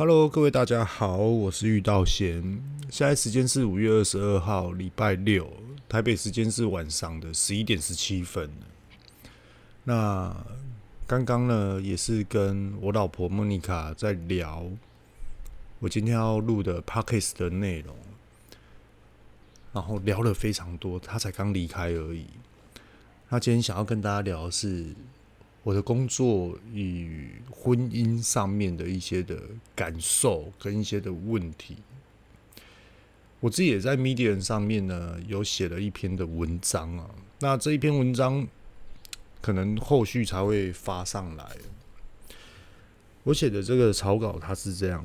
Hello，各位大家好，我是玉道賢。現在時間是五月二十二號禮拜六，台北時間是晚上的十一點十七分。那剛剛呢，也是跟我老婆莫妮卡在聊我今天要錄的 podcast 的內容，然後聊了非常多。她才剛離開而已。那今天想要跟大家聊的是。我的工作與婚姻上面的一些的感受跟一些的問題，我自己也在 Medium 上面呢有寫了一篇的文章啊。那這一篇文章可能後續才會發上來。我寫的這個草稿它是這樣，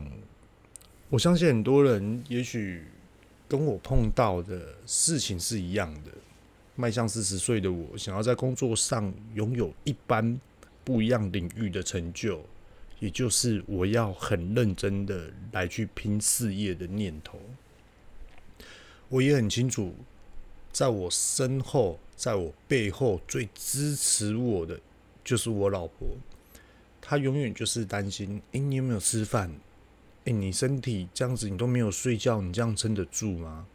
我相信很多人也許跟我碰到的事情是一樣的。邁向四十歲的我，想要在工作上擁有一般不一樣領域的成就，也就是我要很認真的來去拼事業的念頭。我也很清楚，在我身後，在我背後最支持我的就是我老婆。她永遠就是擔心：哎，你有沒有吃飯？哎，你身體這樣子，你都沒有睡覺，你這樣撐得住嗎？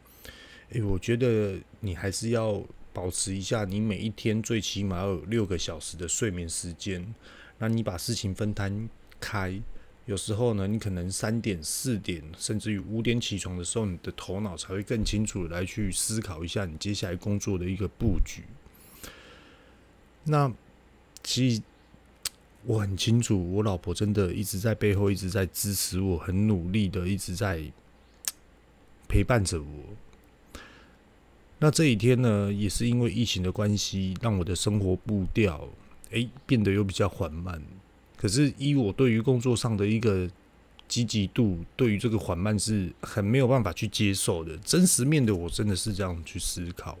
哎，我覺得你還是要。保持一下，你每一天最起碼要有六個小時的睡眠時間。那你把事情分攤開，有時候呢，你可能三點、四點，甚至於五點起床的時候，你的頭腦才會更清楚，來去思考一下你接下來工作的一個布局。那其實我很清楚，我老婆真的一直在背後一直在支持我，很努力的一直在陪伴着我。那這一天呢，也是因為疫情的關係，讓我的生活步調哎、欸、變得又比較緩慢。可是，依我對於工作上的一個積極度，對於這個緩慢是很沒有辦法去接受的。真實面的我真的是這樣去思考。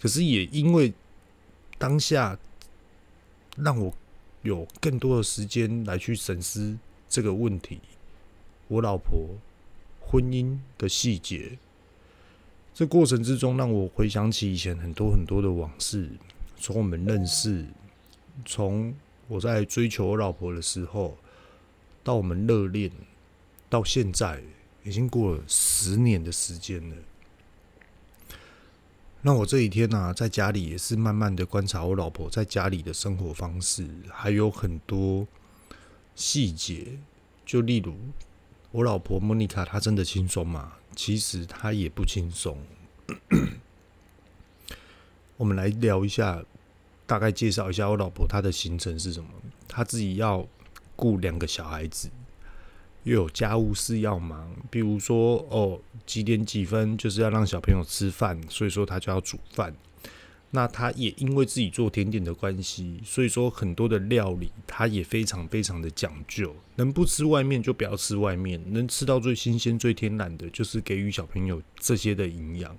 可是，也因為當下讓我有更多的時間來去審視這個問題，我老婆婚姻的細節。這過程之中，讓我回想起以前很多很多的往事，從我們認識，從我在追求我老婆的時候，到我們熱戀，到現在已經過了十年的時間了。那我這一天呢，啊，在家裡也是慢慢的觀察我老婆在家裡的生活方式，還有很多細節，就例如。我老婆莫妮卡她真的輕鬆嗎？其實她也不輕鬆。 我們來聊一下，大概介紹一下我老婆她的行程是什麼。她自己要顧兩個小孩子，又有家務事要忙，比如說哦幾點幾分，就是要讓小朋友吃飯，所以說她就要煮飯。那他也因為自己做甜點的關係，所以說很多的料理他也非常非常的講究，能不吃外面就不要吃外面，能吃到最新鮮最天然的，就是給予小朋友這些的營養。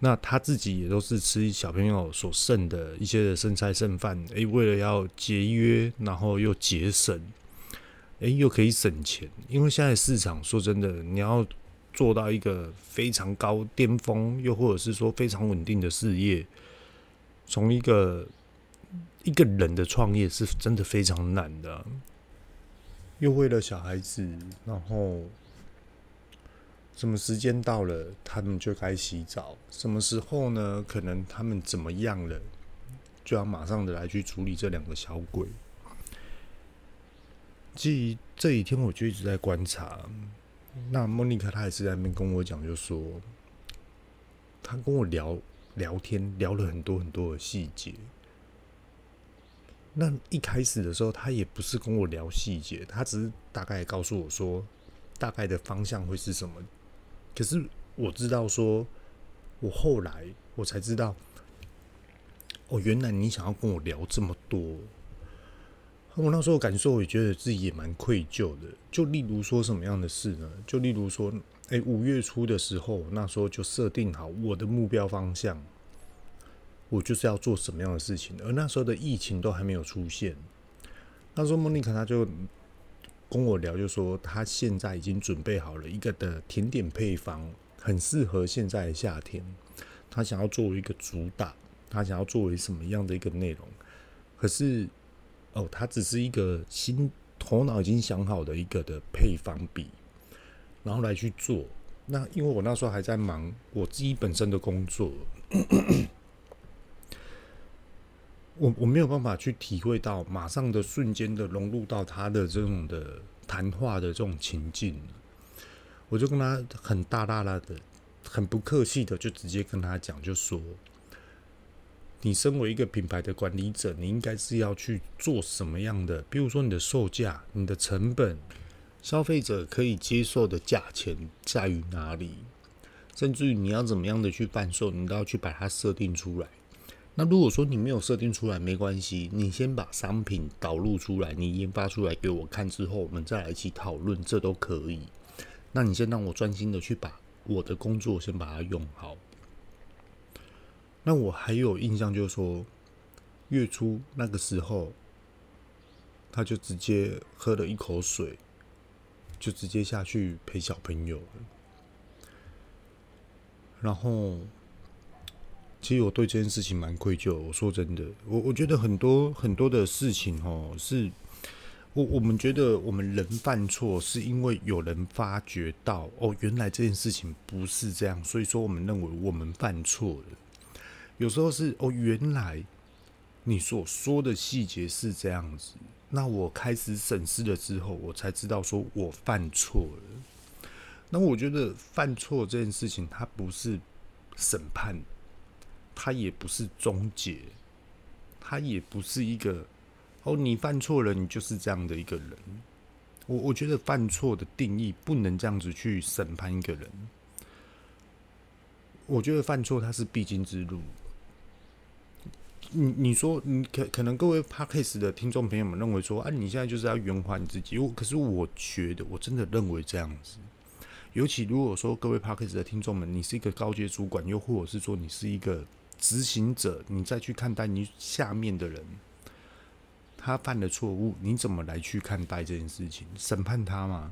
那他自己也都是吃小朋友所剩的一些的剩菜剩飯，欸，為了要節約，然後又節省，欸，又可以省錢，因為現在市場說真的，你要。做到一個非常高巔峰，又或者是說非常穩定的事業，從一個一個人的創業是真的非常難的啊。又為了小孩子，然後什麼時間到了，他們就該洗澡。什麼時候呢？可能他們怎麼樣了，就要馬上的來去處理這兩個小鬼。至於這幾天，我就一直在觀察。那莫妮卡她也是在那邊跟我講，就說她跟我聊聊天，聊了很多很多的細節。那一開始的時候，她也不是跟我聊細節，她只是大概告訴我說大概的方向會是什麼。可是我知道說，說我後來我才知道，哦，原來你想要跟我聊這麼多。我那時候感受，我也覺得自己也蠻愧疚的。就例如說什麼樣的事呢？就例如說，哎，五月初的時候，那時候就設定好我的目標方向，我就是要做什麼樣的事情。而那時候的疫情都還沒有出現。那時候，莫妮卡她就跟我聊，就說她現在已經準備好了一個的甜點配方，很適合現在的夏天。她想要作為一個主打，她想要作為什麼樣的一個內容？可是。哦，oh, 他只是一個心頭腦已經想好的一個的配方比，然後來去做。那因為我那時候還在忙我自己本身的工作， 我我沒有辦法去體會到馬上的瞬間的融入到他的這種的談話的這種情境，我就跟他很大剌剌的、很不客氣的就直接跟他講，就說。你身為一個品牌的管理者，你應該是要去做什麼樣的？比如說你的售價、你的成本、消費者可以接受的價錢在於哪裡，甚至於你要怎麼樣的去販售，你都要去把它設定出來。那如果說你沒有設定出來，沒關係，你先把商品導入出來，你研發出來給我看之後，我們再來一起討論，這都可以。那你先讓我專心的去把我的工作先把它用好。那我還有印象，就是說月初那個時候，他就直接喝了一口水，就直接下去陪小朋友了。然後，其實我對這件事情蠻愧疚。我說真的，我我覺得很多很多的事情，齁，是我我們覺得我們人犯錯，是因為有人發覺到哦，原來這件事情不是這樣，所以說我們認為我們犯錯了。有時候是哦，原來你所說，說的細節是這樣子。那我開始審視了之後，我才知道說我犯錯了。那我覺得犯錯這件事情，它不是審判，它也不是終結，它也不是一個哦，你犯錯了，你就是這樣的一個人。我我覺得犯錯的定義不能這樣子去審判一個人。我覺得犯錯它是必經之路。你你說你可可能各位 podcast 的聽眾朋友們認為說啊，你現在就是要圓滑你自己。可是我覺得我真的認為這樣子。尤其如果說各位 podcast 的聽眾們，你是一個高階主管，又或者是說你是一個執行者，你再去看待你下面的人他犯的錯誤，你怎麼來去看待這件事情？審判他嗎？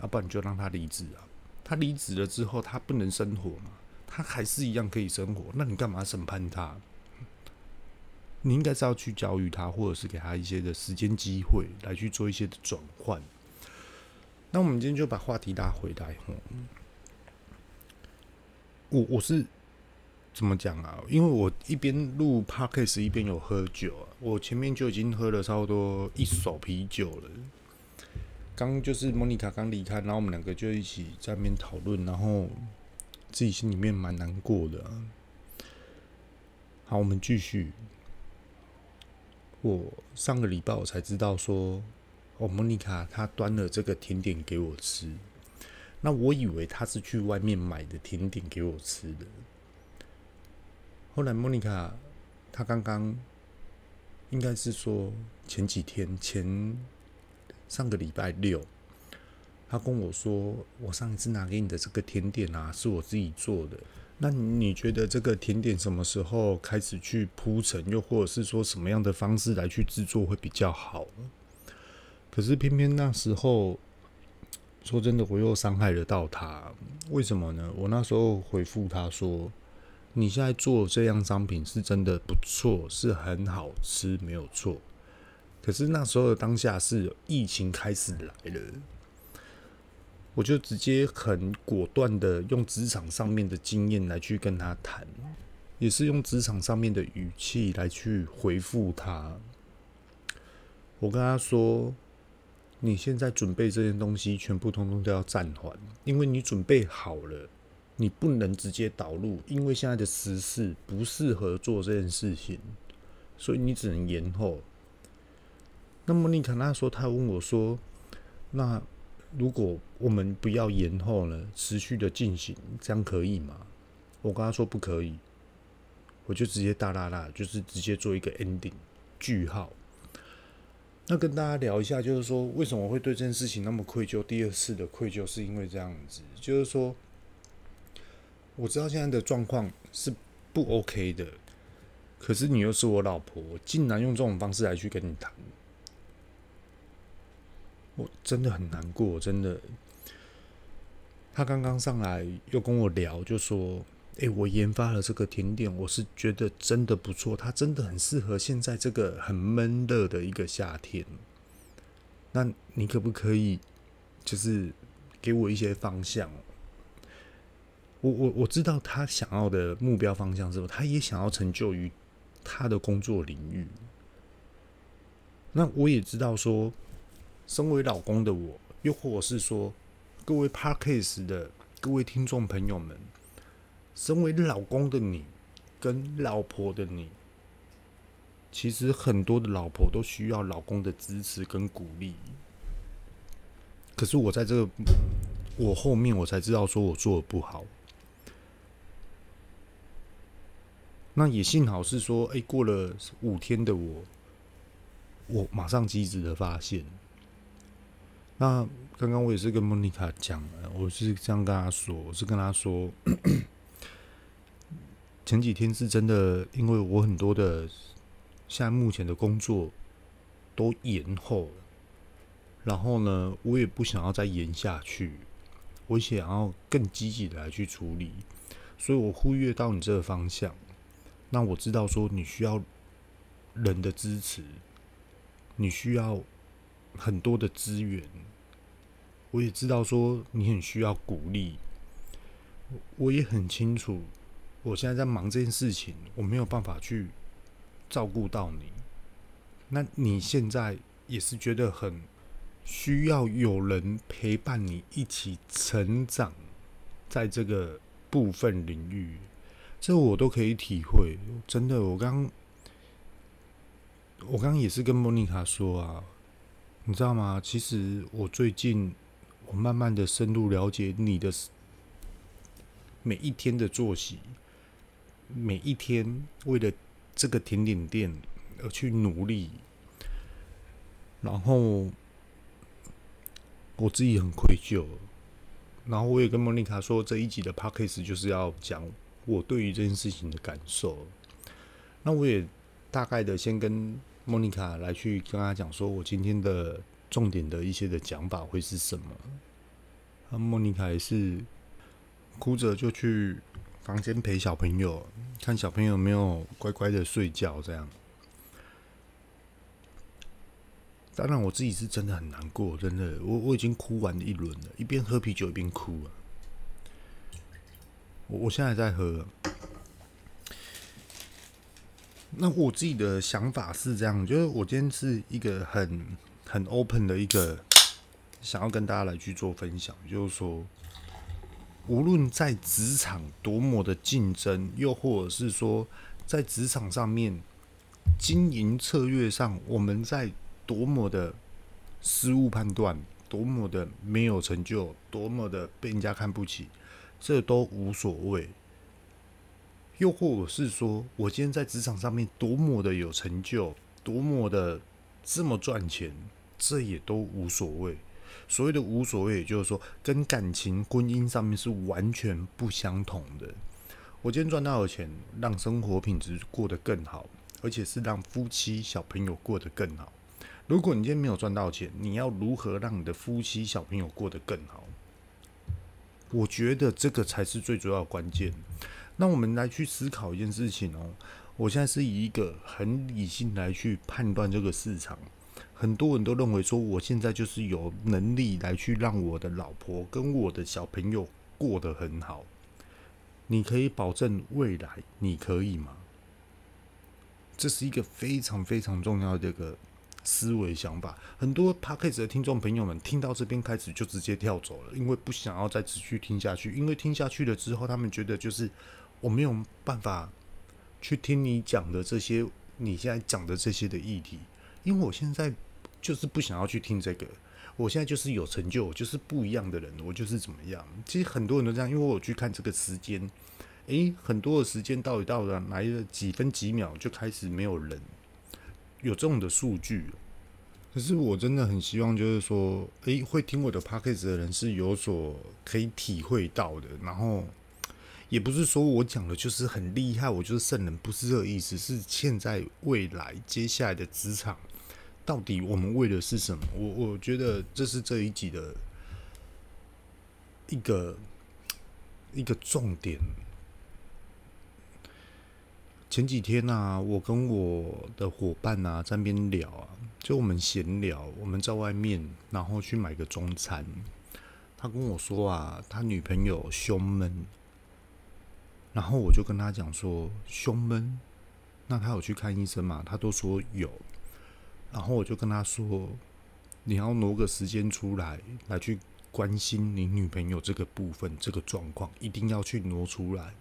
要、啊、不然你就讓他離職啊？他離職了之後，他不能生活嘛？他還是一樣可以生活，那你幹嘛審判他？你應該是要去教育他，或者是給他一些的時間機會，來去做一些的轉換。那我們今天就把話題拉回來。我我是怎麼講啊？因為我一邊錄 Podcast 一邊有喝酒啊，我前面就已經喝了差不多一手啤酒了。剛就是莫妮卡剛離開，然後我們兩個就一起在那邊討論，然後自己心裡面蠻難過的啊。好，我們繼續。我上個禮拜我才知道說，哦，莫妮卡她端了這個甜點給我吃，那我以為她是去外面買的甜點給我吃的。後來莫妮卡她剛剛應該是說前幾天，前，上個禮拜六，她跟我說我上一次拿給你的這個甜點啊，是我自己做的。那你覺得這個甜點什麼時候開始去鋪陳，又或者是說什麼樣的方式來去製作會比較好？可是偏偏那時候，說真的，我又傷害得到他，為什麼呢？我那時候回復他說：“你現在做這樣商品是真的不錯，是很好吃，沒有錯。”可是那時候的當下是疫情開始來了。我就直接很果斷的用職場上面的經驗來去跟他談，也是用職場上面的語氣來去回復他。我跟他說：“你現在準備這件東西，全部通通都要暫緩，因為你準備好了，你不能直接導入，因為現在的時事不適合做這件事情，所以你只能延後。”那麼你可那時候他問我說：“那？”如果我們不要延後呢，持續的進行，這樣可以嗎？我跟他說不可以，我就直接大大大，就是直接做一個 ending 句號。那跟大家聊一下，就是說為什麼我會對這件事情那麼愧疚？第二次的愧疚是因為這樣子，就是說我知道現在的狀況是不 OK 的，可是你又是我老婆，我竟然用這種方式來去跟你談。我真的很難過，真的。他剛剛上來又跟我聊，就說：“欸，我研發了這個甜點，我是覺得真的不錯，它真的很適合現在這個很悶熱的一個夏天。那你可不可以，就是給我一些方向？我我我知道他想要的目標方向是什麼，他也想要成就於他的工作領域。那我也知道說。”身為老公的我，又或是說，各位 Podcast 的各位聽眾朋友們，身為老公的你跟老婆的你，其實很多的老婆都需要老公的支持跟鼓勵。可是我在這個我後面，我才知道說我做的不好。那也幸好是說，哎、欸，過了五天的我，我馬上機智的發現。那剛剛我也是跟莫妮卡講了，我是這樣跟她說，我是跟她說， 前幾天是真的，因為我很多的現在目前的工作都延後了，然後呢，我也不想要再延下去，我想要更積極的來去處理，所以我忽略到你這個方向，那我知道說你需要人的支持，你需要。很多的資源，我也知道說你很需要鼓勵，我也很清楚我現在在忙這件事情，我沒有辦法去照顧到你。那你現在也是覺得很需要有人陪伴你一起成長，在這個部分領域，這我都可以體會。真的，我剛我剛也是跟 Monica 說啊。你知道嗎？其實我最近我慢慢的深入了解你的每一天的作息，每一天為了這個甜點店而去努力，然後我自己很愧疚，然後我也跟莫妮卡說，這一集的 podcast 就是要講我對於這件事情的感受。那我也大概的先跟。莫妮卡來去跟他講說，我今天的重點的一些的講法會是什麼？啊，莫妮卡也是哭着就去房間陪小朋友，看小朋友有沒有乖乖的睡覺這樣。當然，我自己是真的很難過，真的，我我已經哭完了一輪了，一邊喝啤酒一邊哭啊。我我現在還在喝啊。那我自己的想法是這樣，就是我今天是一個很很 open 的一個，想要跟大家來去做分享，就是說，無論在職場多麼的競爭，又或者是說在職場上面經營策略，上，我們在多麼的失誤判斷，多麼的沒有成就，多麼的被人家看不起，這都無所謂。又或者是說，我今天在職場上面多麼的有成就，多麼的這麼賺錢，這也都無所謂。所謂的無所謂，也就是說，跟感情、婚姻上面是完全不相同的。我今天賺到的錢，讓生活品質過得更好，而且是讓夫妻、小朋友過得更好。如果你今天沒有賺到錢，你要如何讓你的夫妻、小朋友過得更好？我覺得這個才是最主要的關鍵。那我們來去思考一件事情哦。我現在是以一個很理性來去判斷這個市場。很多人都認為說，我現在就是有能力來去讓我的老婆跟我的小朋友過得很好。你可以保證未來，你可以嗎？這是一個非常非常重要的一個思維想法。很多 podcast 的聽眾朋友們聽到這邊開始就直接跳走了，因為不想要再繼續聽下去。因為聽下去了之後，他們覺得就是。我沒有辦法去聽你講的這些，你現在講的這些的議題，因為我現在就是不想要去聽這個，我現在就是有成就，就是不一樣的人，我就是怎麼樣。其實很多人都這樣，因為我去看這個時間，誒、欸，很多的時間到一到的來了幾分幾秒就開始沒有人，有這種的數據。可是我真的很希望，就是說，誒、欸，會聽我的 podcast 的人是有所可以體會到的，然後。也不是說我講的就是很厲害，我就是聖人，不是這個意思。是現在未來接下來的職場，到底我們為的是什麼？我我覺得這是這一集的一個一個重點。前幾天啊，我跟我的夥伴啊在那邊聊啊，就我們閒聊，我們在外面，然後去買個中餐。他跟我說啊，他女朋友胸悶。然後我就跟他講說，胸悶，那他有去看醫生嗎？他都說有。然後我就跟他說，你要挪個時間出來，來去關心你女朋友這個部分，這個狀況一定要去挪出來，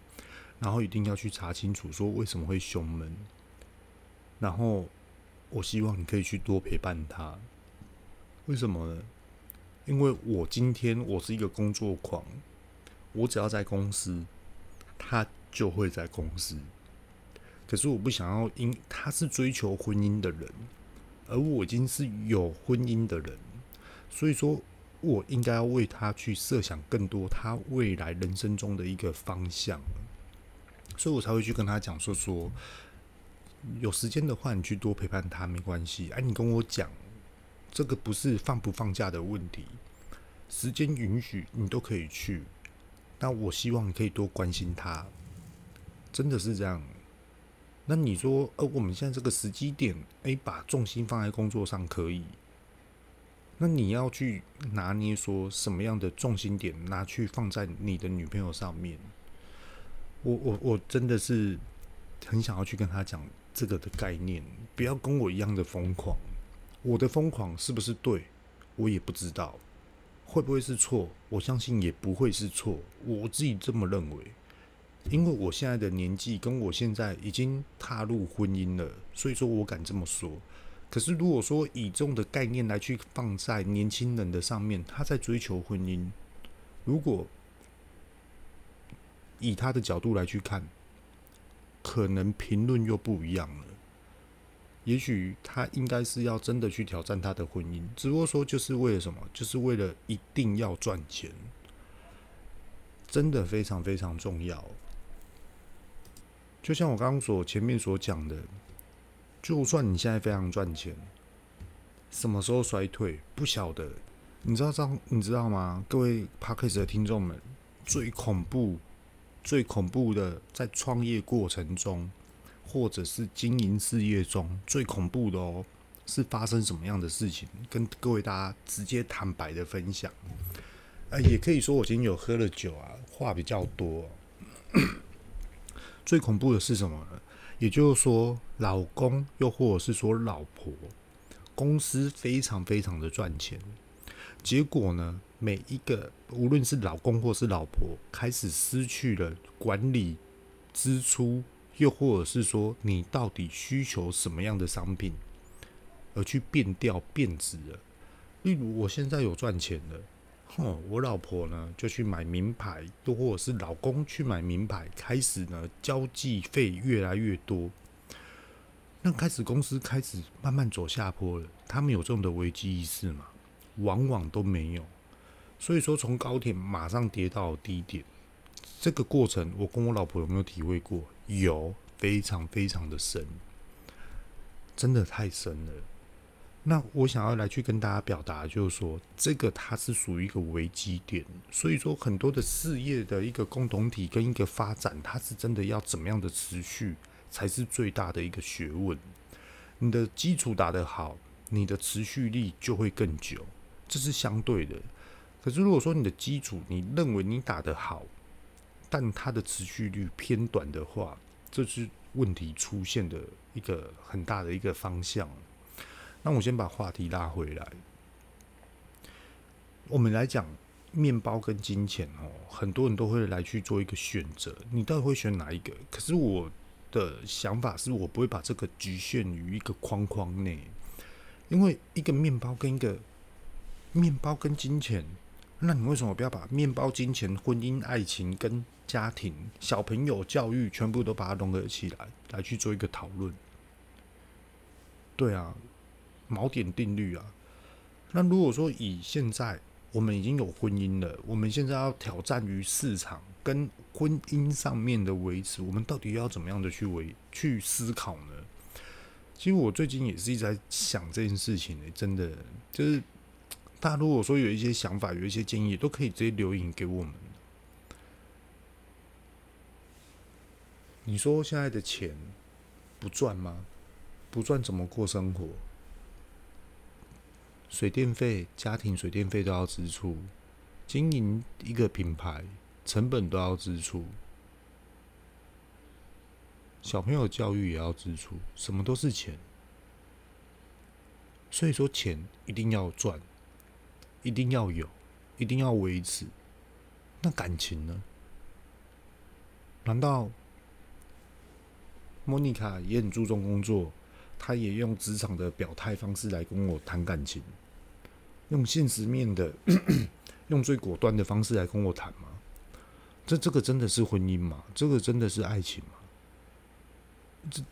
然後一定要去查清楚，說為什麼會胸悶。然後我希望你可以去多陪伴他。為什麼呢？因為我今天我是一個工作狂，我只要在公司。他就會在公司，可是我不想要，因他是追求婚姻的人，而我已經是有婚姻的人，所以說我應該要為他去設想更多他未來人生中的一個方向，所以我才會去跟他講說說，有時間的話你去多陪伴他沒關係，哎，你跟我講，這個不是放不放假的問題，時間允許你都可以去。那我希望你可以多關心他，真的是這樣。那你說，呃，我們現在這個時機點，誒，把重心放在工作上可以。那你要去拿捏說什麼樣的重心點拿去放在你的女朋友上面？我我我真的是很想要去跟他講這個的概念，不要跟我一樣的瘋狂。我的瘋狂是不是對？我也不知道。會不會是錯？我相信也不會是錯，我自己這麼認為，因為我現在的年紀跟我現在已經踏入婚姻了，所以說我敢這麼說。可是如果說以這種的概念來去放在年輕人的上面，他在追求婚姻，如果以他的角度來去看，可能評論又不一樣了。也許他應該是要真的去挑戰他的婚姻，只不過說就是為了什麼？就是為了一定要賺錢，真的非常非常重要。就像我剛剛所前面所講的，就算你現在非常賺錢，什麼時候衰退不曉得？你知道這，你知道嗎？各位 podcast 的聽眾們，最恐怖、最恐怖的在創業過程中。或者是經營事業中最恐怖的哦，是發生什麼樣的事情？跟各位大家直接坦白的分享。呃，也可以說我今天有喝了酒啊，話比較多哦。 最恐怖的是什麼呢？也就是說，老公又或者是說老婆，公司非常非常的賺錢，結果呢，每一個無論是老公或是老婆，開始失去了管理支出。又或者是說，你到底需求什麼樣的商品，而去變調變質了？例如，我現在有賺錢了，哼，我老婆呢就去買名牌，又或者是老公去買名牌，開始呢交際費越來越多，那開始公司開始慢慢走下坡了。他們有這種的危機意識嗎？往往都沒有。所以說，從高鐵馬上跌到低點。這個過程，我跟我老婆有沒有體會過？有，非常非常的深，真的太深了。那我想要來去跟大家表達，就是說，這個它是屬於一個危機點，所以說很多的事業的一個共同體跟一個發展，它是真的要怎麼樣的持續，才是最大的一個學問。你的基礎打得好，你的持續力就會更久，這是相對的。可是如果說你的基礎，你認為你打得好，但它的持續率偏短的話，這是問題出現的一個很大的一個方向。那我先把話題拉回來，我們來講麵包跟金錢哦，很多人都會來去做一個選擇，你到底會選哪一個？可是我的想法是，我不會把這個侷限於一個框框內，因為一個麵包跟一個麵包跟金錢。那你為什麼不要把麵包、金錢、婚姻、愛情跟家庭、小朋友、教育全部都把它融合起來，來去做一個討論？對啊，錨點定律啊。那如果說以現在我們已經有婚姻了，我們現在要挑戰於市場跟婚姻上面的維持，我們到底要怎麼樣的去維去思考呢？其實我最近也是一直在想這件事情欸，真的就是。大家如果說有一些想法，有一些建議，都可以直接留言給我們。你說現在的錢不賺嗎？不賺怎麼過生活？水電費、家庭水電費都要支出，經營一個品牌成本都要支出，小朋友教育也要支出，什麼都是錢。所以說，錢一定要賺。一定要有，一定要維持。那感情呢？難道莫妮卡也很注重工作？她也用職場的表態方式來跟我談感情，用現實面的，咳咳用最果斷的方式來跟我談嗎？這這個真的是婚姻嗎？這個真的是愛情嗎？這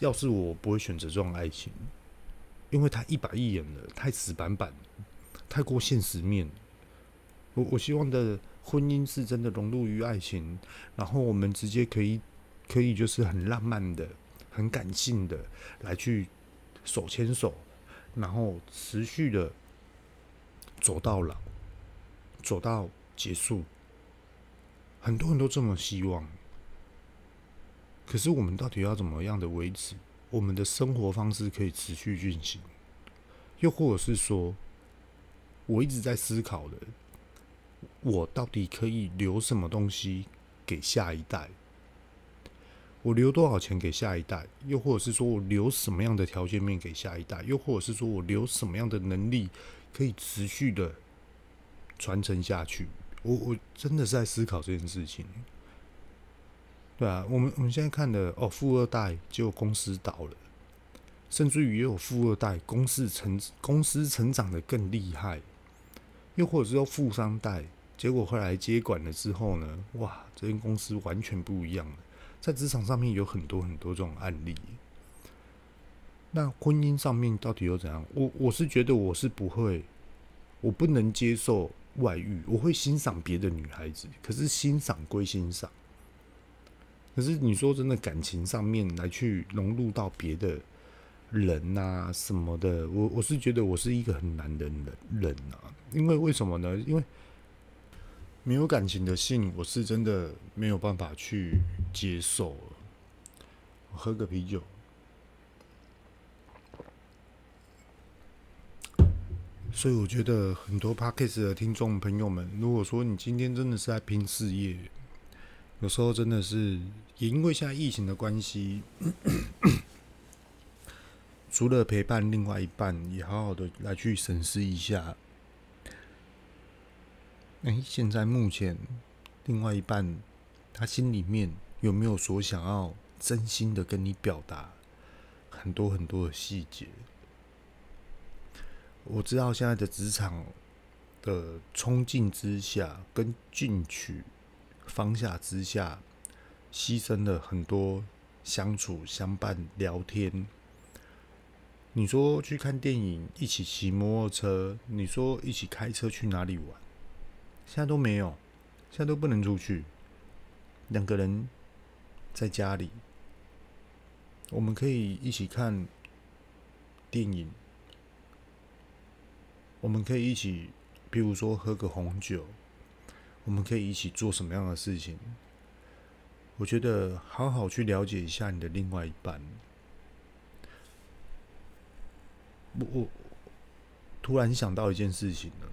要是我不會選擇這種愛情，因為她一板一眼的，太死板板，太過現實面，我我希望的婚姻是真的融入於愛情，然後我們直接可以，可以就是很浪漫的、很感性的來去手牽手，然後持續的走到老，走到結束。很多人都這麼希望，可是我們到底要怎麼樣的維持我們的生活方式可以持續運行？又或者是說？我一直在思考的，我到底可以留什麼東西給下一代？我留多少錢給下一代？又或者是說我留什麼樣的條件面給下一代？又或者是說我留什麼樣的能力可以持續的傳承下去？我我真的是在思考這件事情。對啊，我們我們現在看的哦，富二代結果公司倒了，甚至於也有富二代公司成公司成長得更厲害。又或者是說富商貸，結果後來接管了之後呢，哇，這間公司完全不一樣了。在職場上面有很多很多這種案例，那婚姻上面到底又怎樣？我我是覺得我是不會，我不能接受外遇，我會欣賞別的女孩子，可是欣賞歸欣賞，可是你說真的感情上面來去融入到別的。人吶、啊，什麼的，我我是覺得我是一個很難的人吶、啊，因為為什麼呢？因為沒有感情的性，我是真的沒有辦法去接受。我喝個啤酒，所以我覺得很多 Podcast 的聽眾朋友們，如果說你今天真的是在拼事業，有時候真的是也因為現在疫情的關係。 除了陪伴另外一半，也好好的來去審視一下。哎、欸，現在目前另外一半，他心裡面有沒有所想要真心的跟你表達很多很多的細節？我知道現在的職場的衝勁之下，跟進取方向之下，犧牲了很多相處、相伴、聊天。你說去看電影，一起騎摩托車。你說一起開車去哪裡玩？現在都沒有，現在都不能出去。兩個人在家裡，我們可以一起看電影。我們可以一起，比如說喝個紅酒。我們可以一起做什麼樣的事情？我覺得好好去了解一下你的另外一半。我我突然想到一件事情了，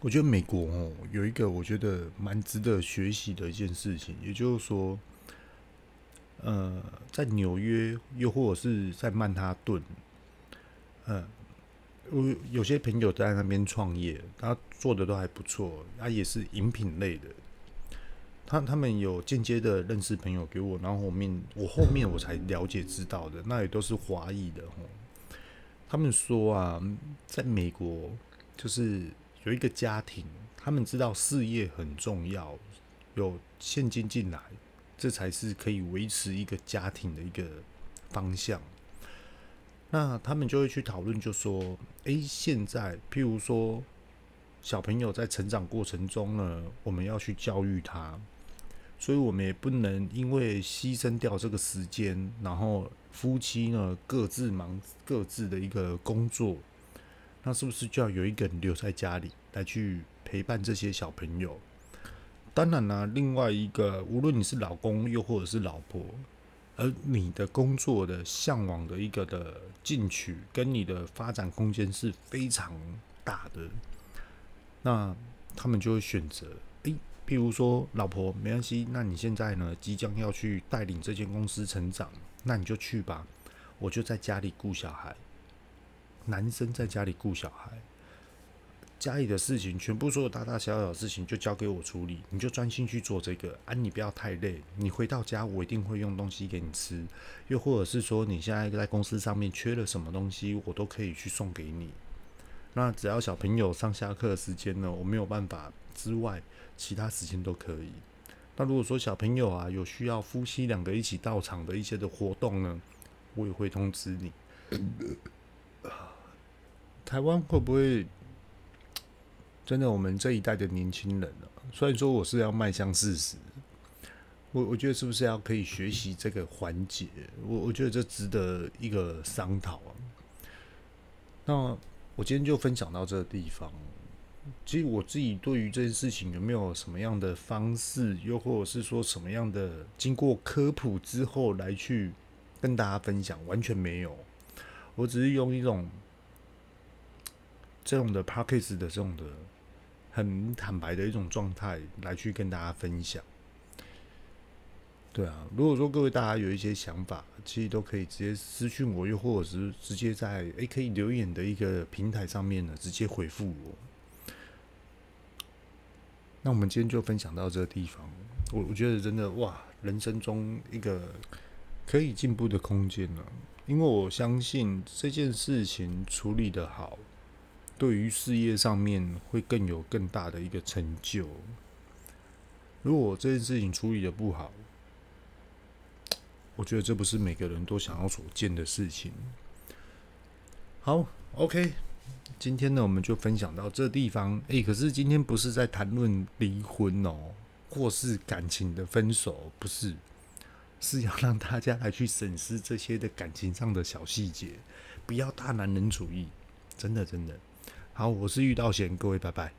我覺得美國哦有一個我覺得蠻值得學習的一件事情，也就是說，呃，在紐約又或者是在曼哈頓，嗯，我有些朋友在那邊創業，他做的都還不錯，他也是飲品類的，他他們有間接的認識朋友給我，然後後面我後面我才了解知道的，那也都是華裔的哦。他們說啊，在美國，就是有一個家庭，他們知道事業很重要，有現金進來，這才是可以維持一個家庭的一個方向。那他們就會去討論，就說，哎、欸，現在譬如說，小朋友在成長過程中呢，我們要去教育他，所以我們也不能因為犧牲掉這個時間，然後。夫妻呢，各自忙各自的一個工作，那是不是就要有一個人留在家裡來去陪伴這些小朋友？當然呢、啊，另外一個，無論你是老公又或者是老婆，而你的工作的向往的一個的進取跟你的發展空間是非常大的，那他們就會選擇。譬如說，老婆沒關係，那你現在呢，即將要去帶領這間公司成長，那你就去吧。我就在家裡顧小孩，男生在家裡顧小孩，家裡的事情全部所有大大小小的事情就交給我處理，你就專心去做這個啊，你不要太累。你回到家，我一定會用東西給你吃。又或者是說，你現在在公司上面缺了什麼東西，我都可以去送給你。那只要小朋友上下課的時間呢，我沒有辦法之外。其他時間都可以。那如果說小朋友啊有需要夫妻兩個一起到場的一些的活動呢，我也會通知你。 台灣會不會真的？我們這一代的年輕人，啊，雖然說我是要邁向四十，我我覺得是不是要可以學習這個環節？我我覺得這值得一個商討啊。那我今天就分享到這個地方。其實我自己對於這件事情有沒有什麼樣的方式，又或者是說什麼樣的經過科普之後來去跟大家分享，完全沒有。我只是用一種這種的 Podcast 的這種的很坦白的一種狀態來去跟大家分享。對啊，如果說各位大家有一些想法，其實都可以直接私訊我，又或者是直接在 A 可以留言的一個平台上面呢，直接回復我。那我們今天就分享到這個地方。我我覺得真的哇，人生中一個可以進步的空間了啊。因為我相信這件事情處理得好，對於事業上面會更有更大的一個成就。如果這件事情處理得不好，我覺得這不是每個人都想要所見的事情。好，OK。今天呢，我們就分享到這地方。誒、欸，可是今天不是在談論離婚哦，或是感情的分手，不是，是要讓大家來去審視這些的感情上的小細節，不要大男人主義，真的真的。好，我是遇到賢，各位拜拜。